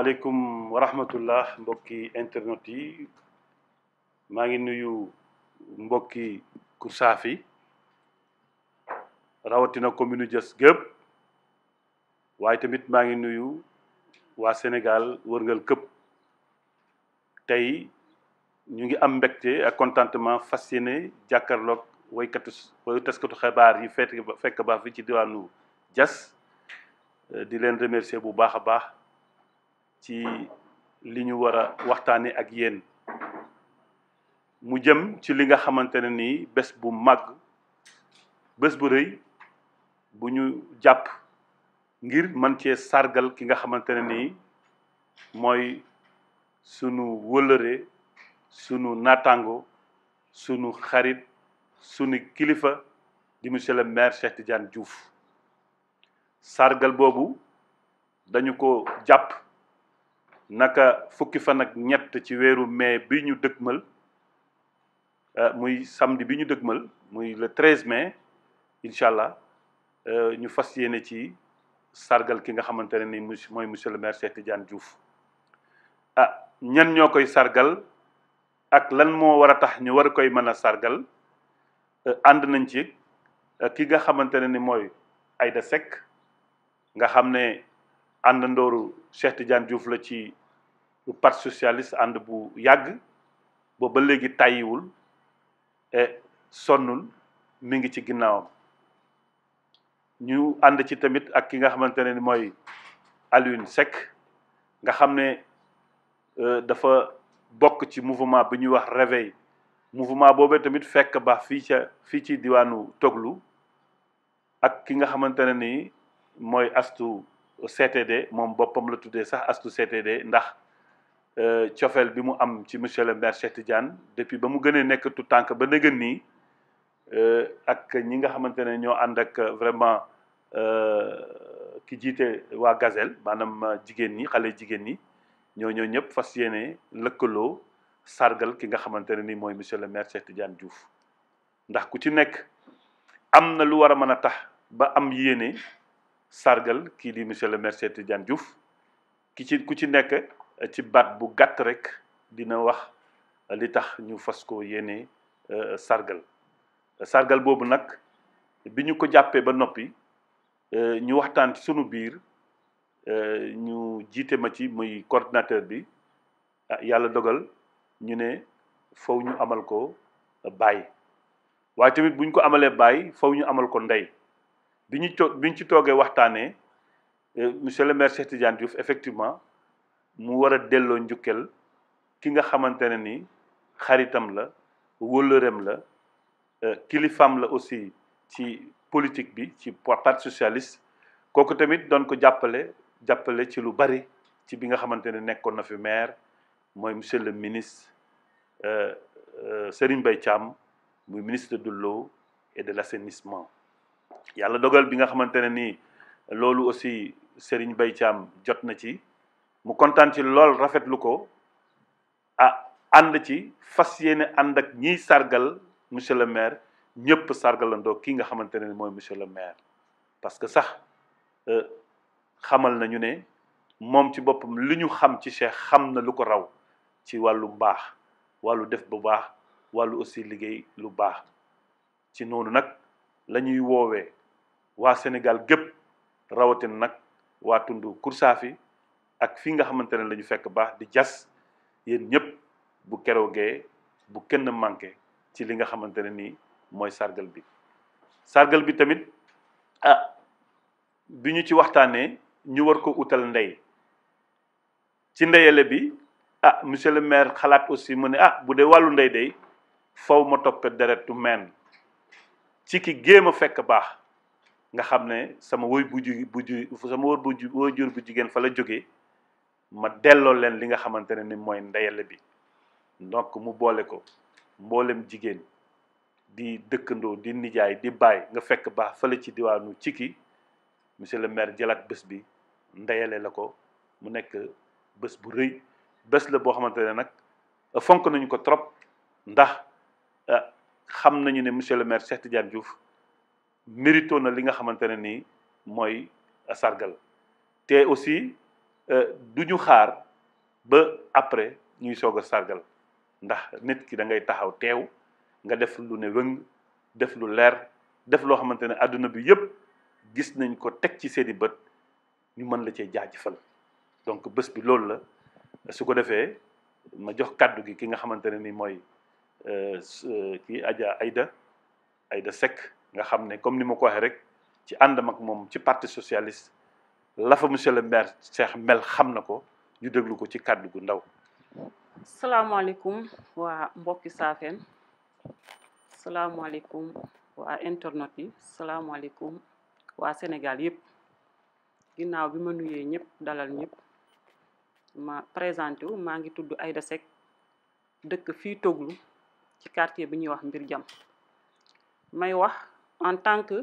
asalaamaaleykum wa mbokki internet yi maa ngi nuyu mbokki fi rawatina commune jas gépp waaye tamit maa ngi nuyu waa Sénégal wërngal këpp tey ñu ngi am mbégte ak contentement fasciné jàkkarloog waykatu way taskatu xibaar yi fekk fekk baax fi ci diwaanu jas di leen remercier bu baax a baax ci li ñu war a waxtaanee ak yéen mu jëm ci li nga xamante ne nii bés bu màgg bés bu rëy bu ñu jàpp ngir mën cee sargal ki nga xamante ne nii mooy sunu wëlëree sunu naataango sunu xarit sunu kilifa di monsieur le maire Cheikh Tidiane Diouf sargal boobu dañu ko jàpp. naka fukki fan nag ñett ci weeru mais bi ñu dëgmal euh, muy samedi bi ñu dëgmal muy le 13 mais incha allah euh, ñu fas yéene ci sargal ki nga xamante ne ni mooy monsieur le maire Cheikh Tidiane ah ñan ñoo koy sargal ak lan moo war a tax ñu war koy mën a sargal euh, ànd nañ ci ki nga xamante ne ni mooy Aïda Seck nga xam ne àndandooru Cheikh Tidiane Diouf la ci parti socialiste ànd bu yàgg booba léegi tàyyiwul et eh, sonnul mu ngi ci ginnaawam ñu ànd ci tamit ak ki nga xamante ne ni mooy Alioune Seck nga xam ne eh, dafa bokk ci mouvement bi ñuy wax réveil mouvement boobee tamit fekk baax fii ca fii ci diwaanu Toglu ak ki nga xamante ne ni mooy astu CTD moom boppam la tuddee sax astu CTD ndax Euh, cofeel bi mu am ci monsieur le maire Cheikh Tidiane depuis ba mu gënee nekk tout tànk ba nëgën nii euh, ak ñi nga xamante ne ñoo ànd ak vraiment euh, ki jiite waa Gazelle maanaam jigéen ñi xale jigéen ñi ñoo ñoo ñëpp fas yéene lëkkaloo sargal ki nga xamante ne ni mooy monsieur le maire Cheikh Tidiane juuf ndax ku ci nekk am na lu war a mën a tax ba am yéene sargal kii di monsieur le maire Cheikh Tidiane Diouf ki ci ku ci nekk ci baat bu gàtt rek dina wax li tax ñu fas ko yéene euh, sargal sargal boobu nag bi ñu ko jàppee ba noppi euh, ñu waxtaan ci sunu biir euh, ñu jiite ma ci muy coordinateur bi ah, yàlla dogal ñu ne faw ñu amal ko bàyyi waaye tamit bu ñu ko amalee bàyyi fow ñu amal ko ndey bi ñu to bi ñu ci toogee waxtaanee monsieur le maire Cheikh Tidiane effectivement mu war a delloo njukkal ki nga xamante ne ni xaritam la wóllëreem la euh, kilifam la aussi ci politique bi ci parti socialiste kooku tamit doon ko jàppale jàppale ci lu bari ci bi nga xamante ne nekkoon na fi maire mooy monsieur le ministre euh, euh, Serigne Mbaye Thiam muy ministre du l'eau et de l'assainissement yàlla dogal bi nga xamante ne nii loolu aussi Serigne Mbaye Thiam jot na ci mu kontaan ci lool rafetlu ko ah ànd ci fas yéene ànd ak ñiy sargal monsieur le maire ñëpp sargallandoo kii nga xamante ne mooy monsieur le maire. parce que sax euh, xamal nañu ne moom ci boppam li ñu xam ci Cheikh xam na lu ko raw ci wàllu baax wàllu def bu baax wàllu aussi liggéey lu baax ci noonu nag la ñuy woowee waa Sénégal gépp rawatin nag waa tundu Kursaafi ak fii nga xamante ne la ñu fekk baax di jas yéen ñëpp bu keroogee bu kenn manqué ci li nga xamante ne nii mooy sargal bi sargal bi tamit ah bi ñu ci waxtaanee ñu war ko utal ndey ci ndeyale bi ah monsieur le maire xalaat aussi mu ne ah bu dee wàllu ndey day faw ma toppe deretu meen ci ki géem a fekk baax nga xam ne sama woy bu ju bu ju sama wër bu ju woy jur bu jigéen fa la jógee ma delloo leen li nga xamante ne ni mooy ndeyale bi donc mu boole ko mboolem jigéen di dëkkandoo di nijaay di baay nga fekk baax fële ci diwaanu ci ki monsieur le maire jëlaat bés bi ndeyale la ko mu nekk bés bu rëy bés la boo xamante ne nag fonk nañu ko trop ndax euh, xam nañu ne monsieur le maire Cheikh Tidiane Diouf mérito na li nga xamante ne nii mooy sargal te aussi Euh, du ñu xaar ba après ñuy soog a sargal ndax nit ki da ngay taxaw teew nga def lu ne wëng def lu leer def loo xamante ne àdduna bi yëpp gis nañ ko teg ci seeni bët ñu mën la cee jaajëfal donc bés bi loolu la su ko defee ma jox kàddu gi ki nga xamante ne ni mooy euh, euh, kii Adja Aïda Aïda Seck nga xam ne comme ni ma ko waxee rek ci àndam ak moom ci parti socialiste lafa fa monsieur le maire Mel xam na ko ñu déglu ko ci kàddu gu ndaw. salaamaaleykum waa mbokki Safen salaamaaleykum waa internet yi salaamaaleykum waa Sénégal yëpp ginnaaw bi ma nuyee ñëpp dalal ñëpp ma présenté wu maa ngi tudd Aïda Seck dëkk fii Toglu ci quartier bi ñuy wax mbir jam may wax en tant que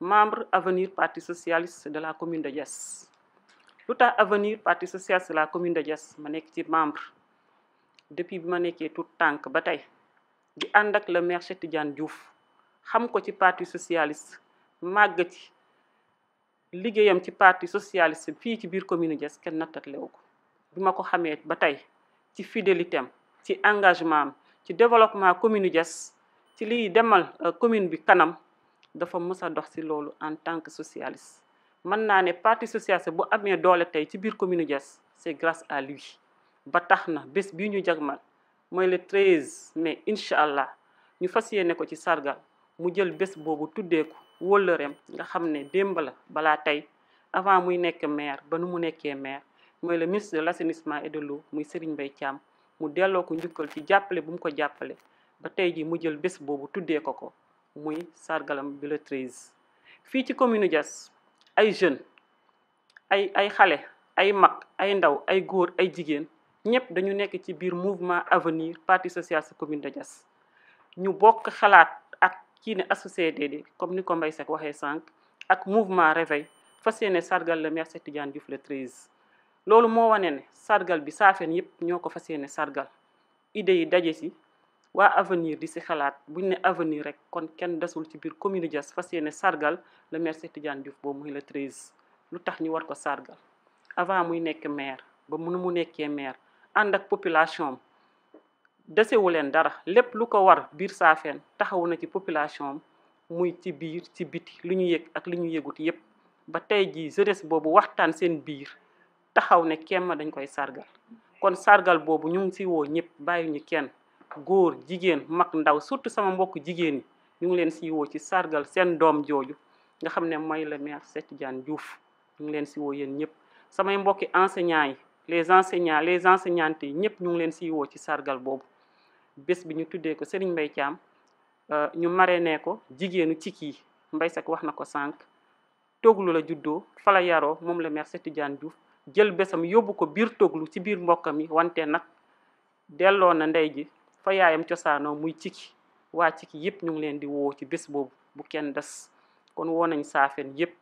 membre avenir partie socialiste de la commune de Diass lu tax avenir partie socialiste de la commune de Diass ma nekk ci membre depuis bi ma nekkee tout tànk ba tey di ànd ak le maire Cheikh Tidiane xam ko ci partie socialiste màgg ci liggéeyam ci parti socialiste fii ci biir commune de Diass kenn nattatlewu ko bi ma ko xamee ba tey ci fidélité am ci engagement am ci développement commune Diass ci liy demal euh, commune bi kanam dafa mosa dox si loolu en tant que socialiste mën naa ne partie socialiste bu amee doole tey ci biir commune Diass c' est grâce à lui ba tax na bés bi ñu jagmal mooy le 13 mais incha allah ñu fas yéene ko ci sargal mu jël bés boobu tuddee ko wóllëreem nga xam ne démb la balaa tey avant muy nekk maire ba nu mu nekkee maire mooy le ministre de l' assainissement et muy Serigne bay Thiam mu delloo ko njukkal ci jàppale bu mu ko jàppale ba tey ji mu jël bés boobu tuddee ko ko muy sargalam bi le 13 fii ci commune Diass ay jeunes ay ay xale ay mag ay ndaw ay góor ay jigéen ñëpp dañu nekk ci biir mouvement avenir parti social sa commune de Diass ñu bokk xalaat ak kii ne associé di comme ni ko Mbaye Seck waxee sànq ak mouvement réveil fas yéene sargal le maire Cheikh Tidiane Diouf loolu moo wane ne sargal bi saafeen yëpp ñoo ko fas yéene sargal idée yi daje si waa avenir di si xalaat buñ ne avenir rek kon kenn desul ci biir commune Diass fas yéene sargal le maire Cheikh Tidiane Diouf boobu muy le 13 lu tax ñu war ko sargal avant muy nekk maire ba mënu mu nekkee maire ànd ak population am desewu leen dara lépp lu ko war biir saafeen taxawu na ci population muy ci biir ci biti lu ñu yëg ak lu ñu yëgut yépp ba tey jii jeunesse boobu waxtaan seen biir taxaw ne kéem dañ koy sargal kon sargal boobu ñu ngi si woo ñëpp bàyyi ñu kenn góor jigéen mag ndaw surtout sama mbokk jigéen ñi ñu ngi leen siiwoo ci sargal seen doom jooju nga xam ne mooy le maire Cheikh Tidiane ñu ngi leen si yéen ñëpp samay mbokki enseignants yi les enseignants les enseignantes yi ñëpp ñu ngi leen si ci sargal boobu bés bi ñu tuddee ko Serigne Mbaye Thiam euh, ñu marraine ko jigéenu ci kii mbay Seck wax na ko sànq Toglu la juddoo fala yaroo moom le maire Cheikh Tidiane Diouf jël bésam yóbbu ko biir Toglu ci biir mbokkam yi wante nag delloo na ndey ji fa yaayam cosaanoo muy ciki waa ciki yëpp ñu ngi leen di woo ci bés boobu bu kenn des kon woo nañ saafeen yëpp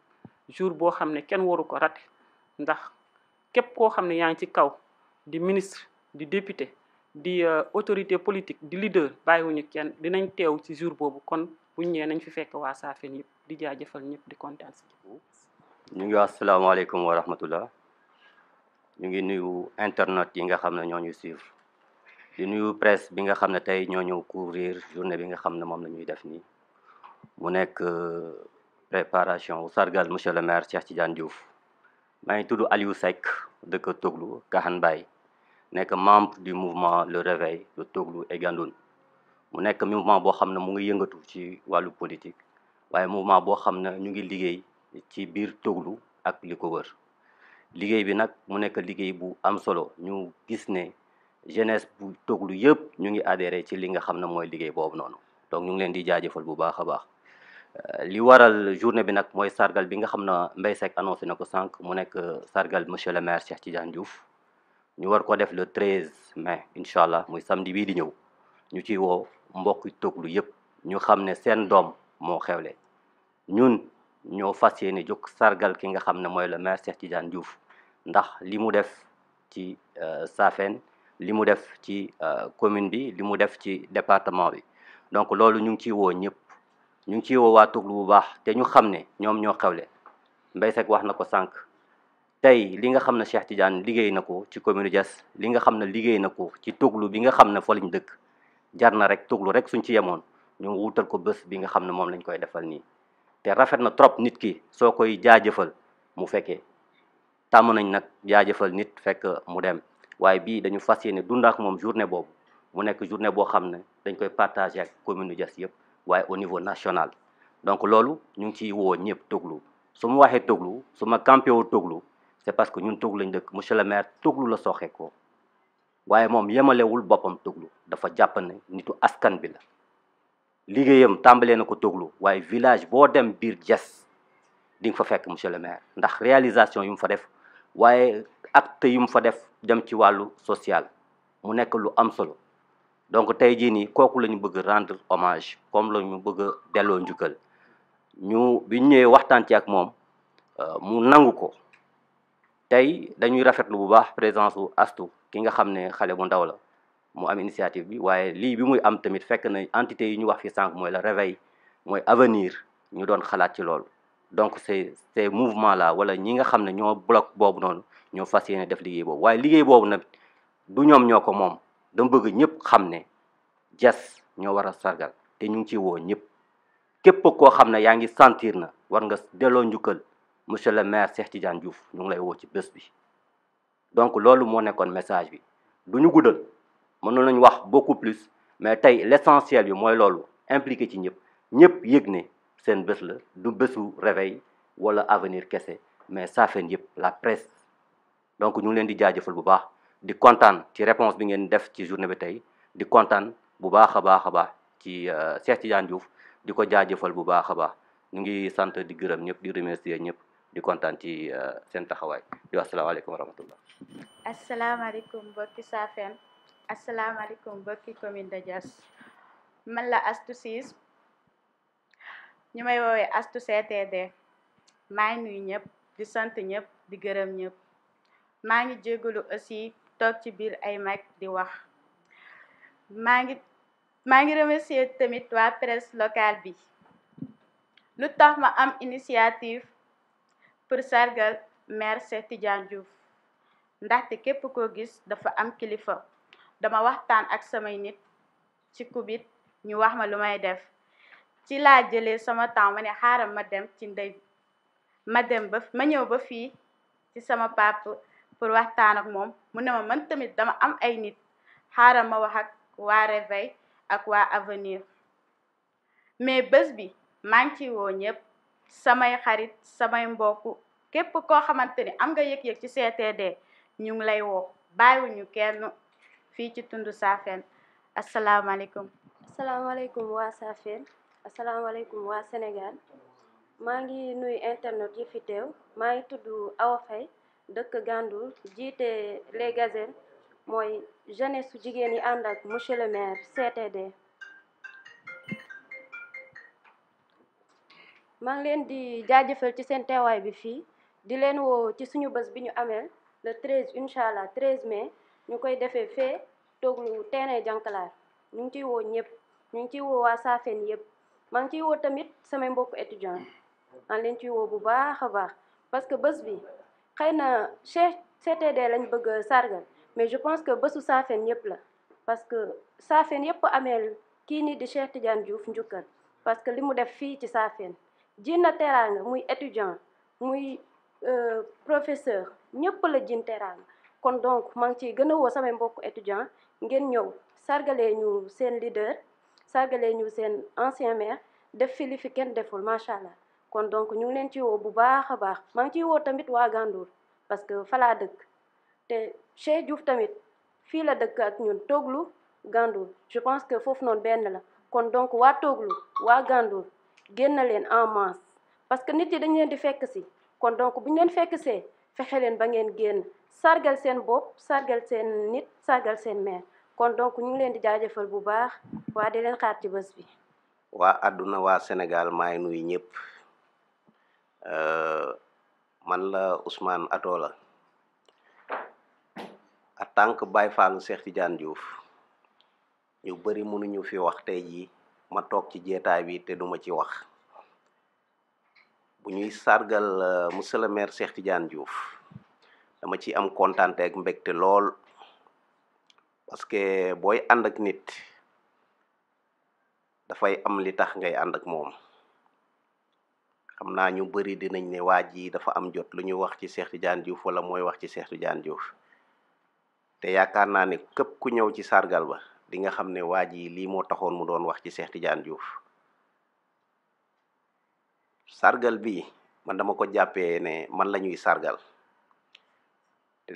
jour boo xam ne kenn waru ko rate ndax képp koo xam ne yaa ngi ci kaw di ministre di député di euh, autorité politique di leader bàyyiwuñu kenn dinañ teew ci jour boobu kon buñ ñëwee nañ fi fekk waa saafeen yëpp di jaajëfal ñëpp di kontaan si ñu ngi asalaamaaleykum wa rahmatullah ñu ngi nuyu internet yi nga xam ne ñooñu ñu di nuyu presse bi nga xam ne tey ñoo ñëw couvrir journée bi nga xam ne moom la ñuy def nii mu nekk euh, préparation wu sargal monsieur le maire Cheikh Tidiane Diouf maa ngi tudd Aliou Seck dëkk Toglu Kahan Baye nekk membre du mouvement Le Réveil de Toglu et mu nekk mouvement boo xam ne mu ngi yëngatu ci wàllu politique waaye mouvement boo xam ne ñu ngi liggéey ci biir Toglu ak li ko wër liggéey bi nag mu nekk liggéey bu am solo ñu gis ne jeunesse bu Toglu yëpp ñu ngi adhéré ci li nga xam ne mooy liggéey boobu noonu donc ñu ngi leen di jaajëfal bu baax a baax euh, li waral journée bi nag mooy sargal bi nga xam ne Mbaye Seck annoncé na ko sànq mu nekk euh, sargal monsieur le maire Cheikh Tidiane Diouf ñu war ko def le 13 mai incha allah muy samedi bii di ñëw ñu ciy woo mbokki Toglu yëpp ñu xam ne seen doom moo xewle ñun ñoo fas yéene jóg sargal ki nga xam ne mooy le maire Cheikh Tidiane Diouf ndax li mu def ci euh, Safeen li mu def ci euh, commune bi li mu def ci département bi donc loolu ñu ngi ciy woo ñëpp ñu ngi ciy woo waa Tugal bu baax te ñu xam ne ñoom ñoo xewle mbay Seck wax na ko sànq tey li nga xam ne Cheikh Tidiane liggéey na ko ci commune Diass li nga xam ne liggéey na ko ci Tugal bi nga xam ne fa lañ dëkk jar na rek Tugal rek suñ ci yemoon ñu wutal ko bés bi nga xam ne moom lañ koy defal nii te rafet na trop nit ki soo koy jaajëfal mu fekkee tàmm nañ nag jaajëfal nit fekk mu dem waaye bii dañu fas yéene dund ak moom journée boobu mu nekk journée boo xam ne dañ koy partagé ak commune nu Diass yëpp waaye au niveau national donc loolu ñu ngi ciy woo ñëpp Toglu su ma waxee Toglu su ma campé woo Toglu c'est parce que ñun Toglu lañ dëkk monsieur le maire Toglu la soxee ko waaye moom yemalewul boppam Toglu dafa jàpp ne nitu askan bi la liggéeyam tàmbalee na ko Toglu waaye village boo dem biir Diass di fa fekk monsieur le maire ndax réalisation yu fa def acte yu mu fa def dem ci wàllu social mu nekk lu am solo donc tey jii nii kooku la ñu bëgg rendre hommage comme la ñu bëgg delloo njukkal ñu bi ñu ñëwee waxtaan ci ak moom euh, mu nangu ko tey dañuy rafetlu bu baax présence su astu ki nga xam ne xale bu ndaw la mu am initiative bi waaye lii bi muy am tamit fekk na entité yi ñu wax fi sànq mooy la réveil mooy avenir ñu doon xalaat ci lool donc ces ces mouvement la wala ñi nga xam ne ñoo bloc boobu noonu ñoo fas yéene def liggéey boobu waaye liggéey boobu nag du ñoom ñoo ko moom dama bëgg ñëpp xam ne Diass ñoo war a sargal te ñu ngi ciy woo ñëpp képp koo xam ne yaa ngi sentir na war nga delloo njukkal monsieur le maire Cheikh Tidiane Diouf ñu ngi lay woo ci bés bi. donc loolu moo nekkoon message bi du ñu guddal mënoon lañu wax beaucoup plus mais tey l' essentiel bi mooy loolu impliqué ci ñëpp ñëpp yëg ne. seen bés la du bésu réveil wala avenir kese mais Safen yëpp la presse donc ñu ngi leen di jaajëfal bu baax di kontaan ci réponse bi ngeen def ci journée bi tey di kontaan bu baax a baax a baax ci euh, Cheikh Tidiane Diouf di ko jaajëfal bu baax a baax ñu ngi sant di gërëm ñëpp di remercier ñëpp di kontaan ci euh, seen taxawaay di wax asalaamaaleykum wa rahmatullah asalaamaaleykum mbokki Safen asalaamaaleykum mbokki commune de Diass man la Astou ñu may woowee astu CTD maa ngi nuyu ñëpp di sant ñëpp di gërëm ñëpp maa ngi jégalu aussi toog ci biir ay mag di wax maa ngi maa ngi remercier tamit waa presse locale bi lu tax ma am initiative pour sargal maire Cheikh Tidiane ndaxte képp koo gis dafa am kilifa dama waxtaan ak samay nit ci kubit ñu wax ma lu may def ci laa jëlee sama temps ma ne xaaral ma dem ci ndey ma dem ba ma ñëw ba fii ci sama pap pour waxtaan ak moom mu ne ma man tamit dama am ay nit xaaral ma wax ak waa réveil ak waa avenir mais bés bi maa ngi ciy woo ñëpp samay xarit samay mbokk képp koo xamante ni am nga yëg-yëg ci CTD ñu ngi lay woo bàyyiwuñu kenn fii ci tund Safen asalaamaaleykum asalaamaaleykum waa Safen asalaamaaleykum waa Sénégal maa ngi nuyu internet yi fi teew maa ngi tudd Awa dëkk Gandoul jiite les gazelles mooy jeunesse su jigéen yi ànd ak monsieur le maire CTD. maa ngi leen di jaajëfal ci seen teewaay bi fii di leen woo ci suñu bës bi ñu amee le 13 incha allah 13 mais ñu koy defee fee tooglu terrain Jankalaar ñu ngi ciy woo ñëpp ñu ngi ciy woo waa Safen yëpp. maa ngi ciy woo tamit samay mbokku étudiant maa leen ciy woo bu baax a baax parce que bés bi xëy na CTD lañ bëgg a sargal mais je pense que bésu Safen yëpp la parce que Safen yëpp ameel kii nii di Cheikh Tidiane Diouf njukkal parce que li mu def fii ci Safen jiin na teraanga muy étudiant muy euh, professeur ñëpp la jiin teraanga kon donc maa ngi ciy gën a woo samay mbokku étudiant ngeen ñëw sargalee ñu seen leader sàggalee ñu seen ancien maire def fi li fi kenn deful macha kon donc ñu ngi leen ci woo bu baax a baax maa ngi ciy woo tamit waa Gandour parce que falaa dëkk te Cheikh Diouf tamit fii la dëkk ak ñun Toglu Gandour je pense que foofu noon benn la kon donc waa Toglu waa Gandour génn leen en masse parce que nit yi dañu leen di fekk si kon donc bu ñu leen fekk see fexe leen ba ngeen génn sargal seen bopp sargal seen nit sargal seen maire kon donc ñu ngi leen di jaajëfal bu baax waa di leen xaar ci bés bi. waa àdduna waa Sénégal may nuy nuyu ñëpp euh, man la Ousmane Atola en tant que Baye Fallou Cheikh Tidiane Diouf ñu bëri mënuñu fi wax tey jii ma toog ci jeetaay bi te duma ci wax bu ñuy sargal euh, monsieur le maire Cheikh Tidiane dama ci am kontaan ak lool. parce que booy ànd ak nit dafay am li tax ngay ànd ak moom xam naa ñu bëri dinañ ne waa ji dafa am jot lu ñuy wax ci Cheikh Tidiane Diouf wala mooy wax ci Cheikh Tidiane Diouf te yaakaar naa ne képp ku ñëw ci sargal ba dinga xam ne waa ji lii moo taxoon mu doon wax ci seex ti Tidiane Diouf sargal bi man dama ko jàppee ne man la ñuy sargal te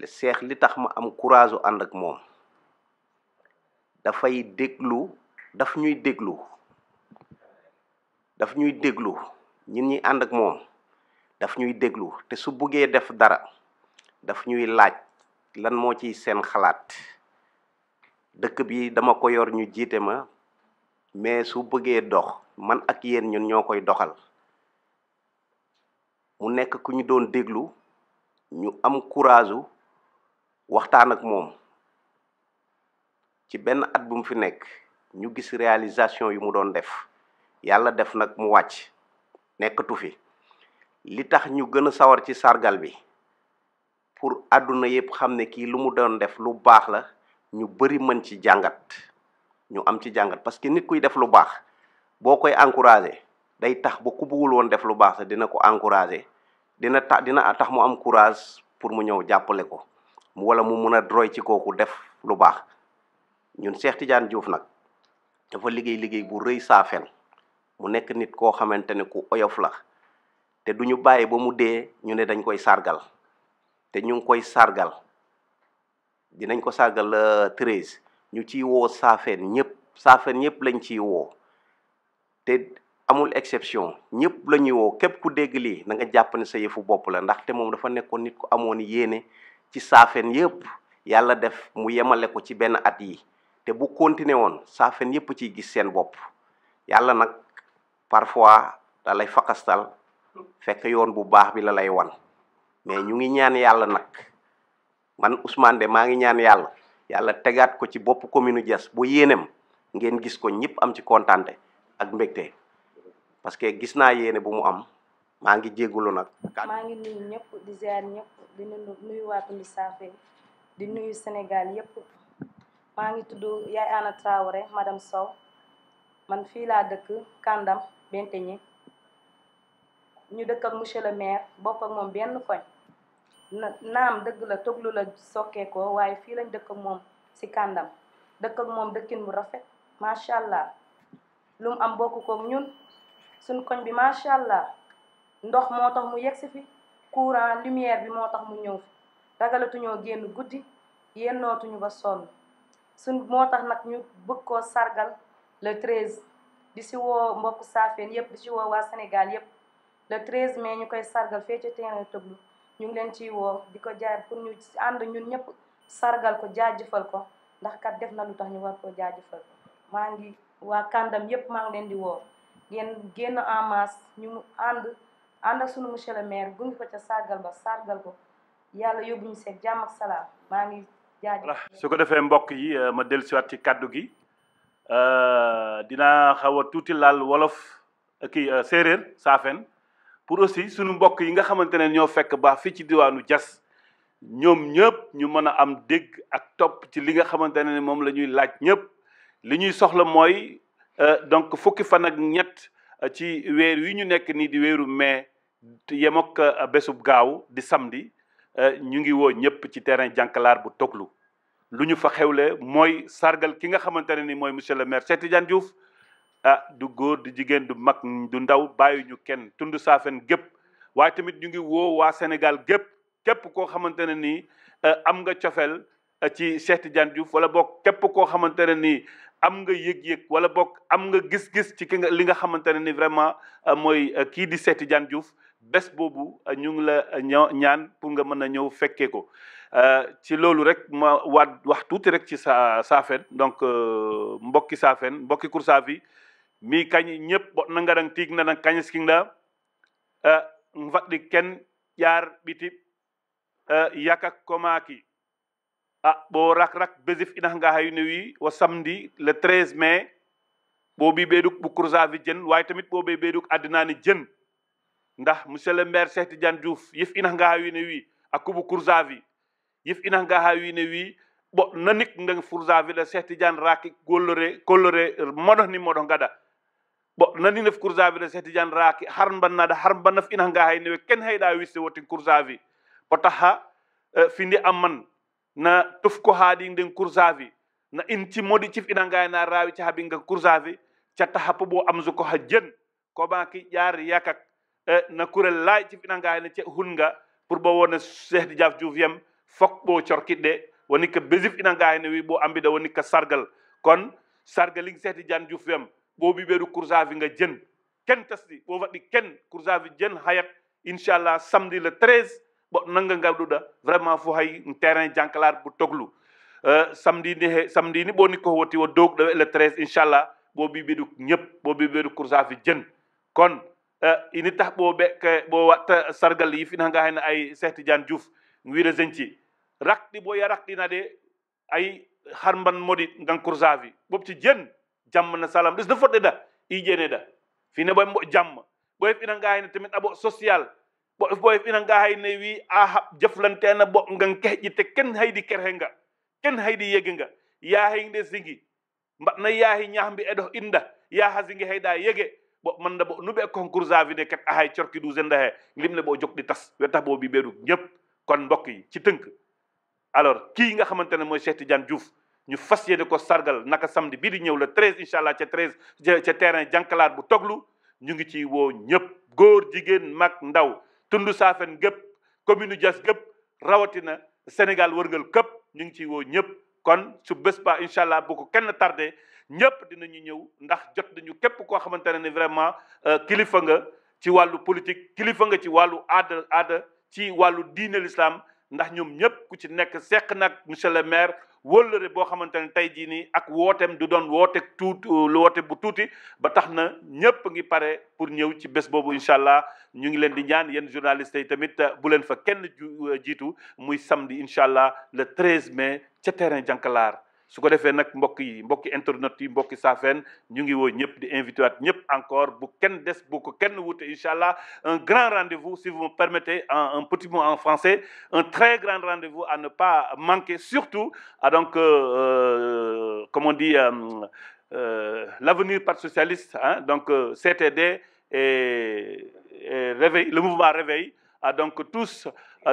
li tax ma am courage ànd ak moom dafay déglu daf ñuy déglu daf ñuy déglu ñun ñi ànd ak moom daf ñuy déglu te su bëggee def dara daf ñuy laaj lan moo ci seen xalaat dëkk bi dama ko yor ñu jiite ma mais su bëggee dox man ak yéen ñun ñoo koy doxal mu nekk ku ñu doon déglu ñu am courage waxtaan ak moom ci benn at bu mu fi nekk ñu gis réalisation yu mu doon def yàlla def nag mu wàcc nekkatu fi li tax ñu gën a sawar ci sargal bi pour àdduna yëpp xam ne kii lu mu doon def lu baax la ñu bëri mën ci jàngat ñu am ci jàngat parce que nit kuy def lu baax boo koy encouragé day tax ba ku bëggul woon def lu baax sax dina ko encouragé dina tax dina tax mu am courage pour mu ñëw jàppale ko wala mu mun a droy ci kooku def lu baax ñun Cheikh Tidiane Diouf nag dafa liggéey liggéey bu rëy saafen mu nekk nit koo xamante ne ku oyof la te du ñu bàyyi ba mu dee ñu ne dañ koy sargal te ñu ngi koy sargal dinañ ko sargal euh, treize ñu ciy woo saafeen ñëpp saafeen ñëpp lañ ciy woo te amul exception ñëpp la woo képp ku dégg lii na nga jàpp ne sa yëfu bopp la ndaxte moom dafa nekkoon nit ko amoon yéene ci saafeen yëpp yàlla def mu yemale ko ci benn at yi te bu continuer woon saafen yépp ci gis seen bopp yàlla nag parfois da lay fakastal fekk yoon bu baax bi la lay wan mais ñu ngi ñaan yàlla nag man Ousmane de maa ngi ñaan yàlla yàlla tegaat ko ci bopp commune Diass bu yéenem ngeen gis ko ñëpp am ci kontante ak mbégte parce que gis naa yéene bu mu am maa ngi jégalu nag. maa ngi nuyu ñëpp di ziar ñëpp yëpp maa ngi tudd Yaay Anna Traoré madam Sow man fii laa dëkk Kandam Benteñe ñu dëkkal ak monsieur le maire bokk moom benn koñ naam dëgg la toglu la sokkeekoo waaye fii lañ dëkk ak moom ci kàndam dëkk moom dëkkin bu rafet macha allah lu am bokk koog ñun suñ koñ bi macha allah ndox moo tax mu yegsi fi courant lumière bi moo tax mu ñëw fi ragalatuñoo génn guddi yennootuñu ba sonn suñ moo tax nag ñu bëgg koo sargal le 13 di si woo mbokk saafeen yëpp di si woo waa Sénégal yëpp le 13 mais ñu koy sargal fee ca terrain tëblu ñu ngi leen ciy woo di ko jaar pour ñu ànd ñun ñëpp sargal ko jaajëfal ko ndax kat def na lu tax ñu war koo jaajëfal maa ngi waa kàndam yëpp maa ngi leen di woo ngeen génn en masse ñu ànd ànd ak sunu monsieur le maire gungi ko ca sargal ba sargal ko yàlla yóbbu ñu seeg jàmm ak salaam maa ngi voilà su ko defee mbokk yi euh, ma dellusiwaat ci kàddu gi euh, dina xaw a tuuti laal wolof kii euh, séeréer saafen pour aussi suñu mbokk yi nga xamante ne ñoo fekk baax fii ci diwaanu jas ñoom ñëpp ñu mën a am dégg ak topp ci li nga xamante ne moom la ñuy laaj ñëpp li ñuy soxla mooy donc fukki fan ak ñett ci weer wi ñu nekk nii di weeru mai yemook bésub gaaw di samdi Eh, ñu ngi woo ñëpp ci terrain jànkalaar bu toglu lu ñu fa xewle mooy sargal ki nga xamante ne ni mooy monsieur le maire Cheikh Tidiane Diouf ah, du góor du jigéen du mag du ndaw bàyyi ñu kenn tund saafen gépp waaye tamit ñu ngi woo waa Sénégal gépp képp koo xamante ne nii eh, am nga cofeel eh, ci Cheikh Tidiane Diouf wala bokk képp koo xamante ne nii am nga yég yëg wala bokk am nga gis-gis ci ki li nga xamante ne ni vraiment mooy kii di Cheikh Tidiane Diouf bés boobu euh, ñu ngi la euh, ñaan pour nga mën a ñëw fekkee ko euh, ci loolu rek ma waat wax tuuti rek ci sa Safen donc mbokki Safen mbokki Kursaafi mi kañi ñépp boɗna ngaran tiig nana kañiskinɗa faɗɗi ken ƴaar ɓiti yaka komaki a ah, ɓo rak rak besif ina nga hayno wi o samedi le 13 mai ɓo bi ɓeeɗuk ɓo Kursaafi jen way tamit ɓo ɓe ɓeeɗuk addunaani jen ndax monsieur le maire Cheikh Tidiane Diouf yif ina nga hawine wi akubu kurzavi yif ina nga hawine wi bo nanik ndeng furzavi la Cheikh Tidiane raki kolore modo ni modo gada bo nani nef kurzavi la Cheikh Tidiane raki har bannada har bannaf ina nga hayne we ken hayda wisse wotin kurzavi potaha uh, eh, findi amman na tufko haadi ndeng kurzavi na inti modi cif ina nga na rawi ci habinga kurzavi chatta hapo bo amzuko hajjen ko baki yar yakak Eh, na kurel laaƴ cifiɗa nga hene hunga pour bo wona sehdi diaf juufiyam fok ɓo corkiɗɗe woni ko besifiɗa nga hene wi ɓo ambida woni ko sargal kono sargaling sehdi diane juufiyam ɓoɓi ɓeeɗo coursavi nga jen ken tasɗi ɓo waɗi ken coursavi jen hayat allah samedi le 13 bo nanga ngawɗuɗa vraiment fo hay terrain jankalar bo toglu eh, samedi ni he samedi ni ɓoni ko woti o dowɗo le 13 inchallah ɓo ɓiɓeɗu ñëpp ɓo ɓiɓeɗu coursavi jen Eh, ina tax ɓoɓe ɓo watta sargal yifina hanga hen ay sehti diane diouf wiide zenti rakɗi ɓo ya rakɗinade ay harmban moɗi gankour savi ɓopti jen jamma no salam ɗisno foɗɗe da iƴene da fine ɓoye mbo jamma ɓoye finanga hayne temin aɓo social ɓoye finanga hayne wi a haɓ jaflante ana bo ngan kehƴitte ken haydi kerhe nga ken haydi yege nga yahay nde singi mbaɗna yaahi ñahmbi eɗo inda yaha singi hayda yege bo na bo nu ɓe concours avine kat ahay corkidu zenda he limle jog di tas tax bo bi ɓeeɗu ñëpp kon mbokk yi ci tënk alors kii nga xamante ne mooy Cheikh Tidiane Diouf ñu fas yéene ko sargal naka samdi bii di ñëw la 13 incha allah ca 13 ca terrain jànkalaat bu toglu ñu ngi ci woo ñëpp góor jigéen mag ndaw tund saafen gépp commune Diass gépp rawatina Sénégal wërngal këpp ñu ngi ciy woo ñëpp kon su bés ba incha allah bu ko kenn tardé ñëpp dinañu ñëw ndax jot nañu képp koo xamante ne ni vraiment euh, kilifa nga ci wàllu politique kilifa nga ci wàllu aada aada ci wàllu diine l'islam ndax ñoom ñëpp ku ci nekk seq nag monsieur le maire wóllëre boo xamante ne tey jii nii ak wooteem du doon woote tuut euh, lu woote bu tuuti ba tax na ñëpp ngi pare pour ñëw ci bés boobu incha allah ñu ngi leen di ñaan yéen journalistes yi tamit euh, bu leen fa kenn jiitu muy samedi incha allah le 13 mai ca terrain Jankalaar su ko defee nag mbokk yi mbokki internet yi mbokki saafeen ñu ngi woo ñëpp di invité waat ñëpp encore bu kenn des bu ko kenn wute incha allah un grand rendez-vous si vous me permettez un petit mot en français un très grand rendez-vous à ne pas manquer surtout donc euh, euh comme on dit euh, euh, l'avenir parti donc euh, CTD et, et réveil le mouvement réveil donc tous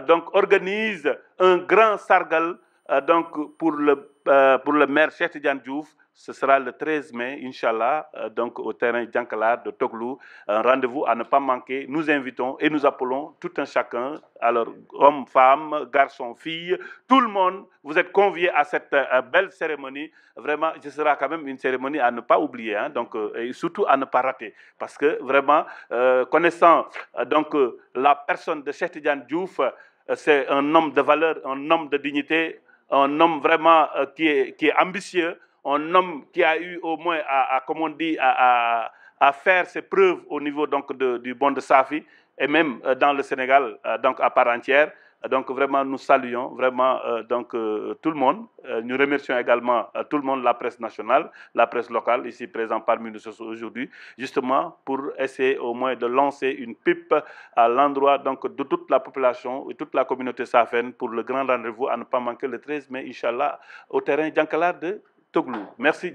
donc un grand sargal Euh, donc pour le euh, pour le maire Cheikh Tidiane Diouf ce sera le 13 mai inchallah euh, donc au terrain Diankalar de Toglou un rendez-vous à ne pas manquer nous invitons et nous appelons tout un chacun alors hommes femmes garçons filles tout le monde vous êtes conviés à cette belle cérémonie vraiment ce sera quand même une cérémonie à ne pas oublier surtout à ne pas rater parce que vraiment euh, connaissant donc la personne de Cheikh Tidiane Diouf c'est un homme de valeur un homme de dignité un homme vraiment euh, qui, est, qui est ambitieux, un homme qui a eu au moins, à, à comme on dit, à, à, à, faire ses preuves au niveau donc, de, du bon de Safi, et même euh, dans le Sénégal, euh, donc à part entière. Donc vraiment, nous saluons vraiment euh, donc, euh, tout le monde. Euh, nous remercions également euh, tout le monde, la presse nationale, la presse locale, ici présente parmi nous aujourd'hui, justement pour essayer au moins de lancer une pipe à l'endroit donc de toute la population et toute la communauté safène pour le grand rendez-vous à ne pas manquer le 13 mai, Inch'Allah, au terrain Djankalar de Toglou. Merci,